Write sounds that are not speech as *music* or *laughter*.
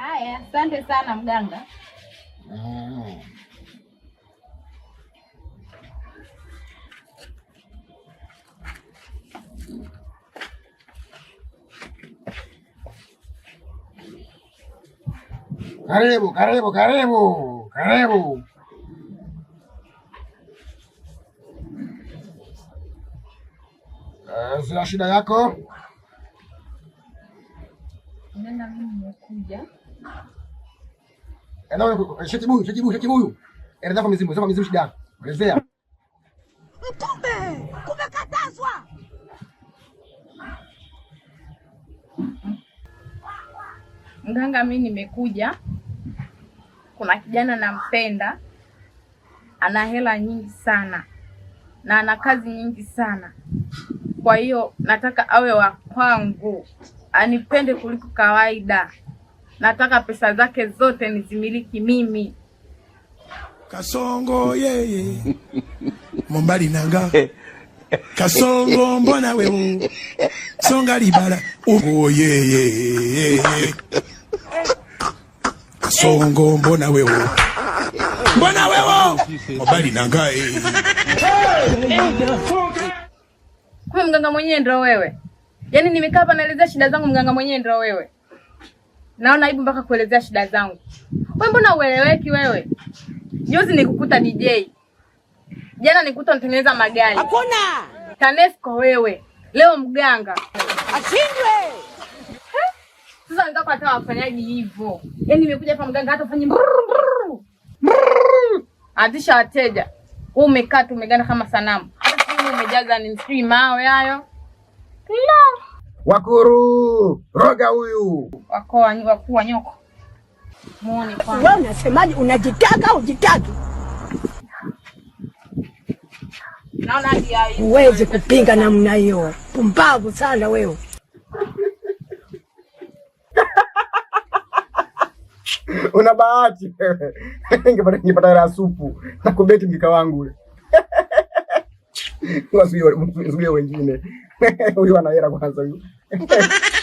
Haya, asante sana mganga. Karibu, karibu, karibu, karibu. Uh, eh, zina shida yako? Nenda mimi nimekuja. Shakibuyu, Shakibuyu, Shakibuyu, eleza kwa mizimu, sema mizimu shida, elezea mtume, kumekatazwa mganga. Mi nimekuja, kuna kijana nampenda, ana hela nyingi sana na ana kazi nyingi sana, kwa hiyo nataka awe wa kwangu, anipende kuliko kawaida nataka pesa zake zote nizimiliki mimi. Kasongo yeye Mombali nanga Kasongo mbona wewe songa libala ubo yeye Kasongo mbona wewe mbona wewe Mombali nanga kwa mganga mwenyewe ndo wewe. Yaani nimekaa hapa naelezea shida zangu, mganga mwenyewe ndo wewe. Naona aibu mpaka kuelezea shida zangu. Wewe mbona ueleweki wewe? Juzi nikukuta DJ. Jana nikukuta unatengeneza magari. Hakuna. Tanesco wewe. Leo mganga. Ashindwe. Sasa nataka hata wafanyaji hivyo. Yaani nimekuja hapa mganga hata ufanye Atisha wateja. Wewe umekaa tu umeganda kama sanamu. Hata sijui umejaza ni sijui mawe hayo. Kila wakuru roga huyu wakuu wa nyoko muone. Wewe unasemaje? Unajitaka ujitaki? Huwezi kupinga namna hiyo, pumbavu sana wewe. Una bahati. *laughs* Ningepata hela supu na kubeti wangu *laughs* wengine *laughs* huyu anahera kwanza huyu *laughs*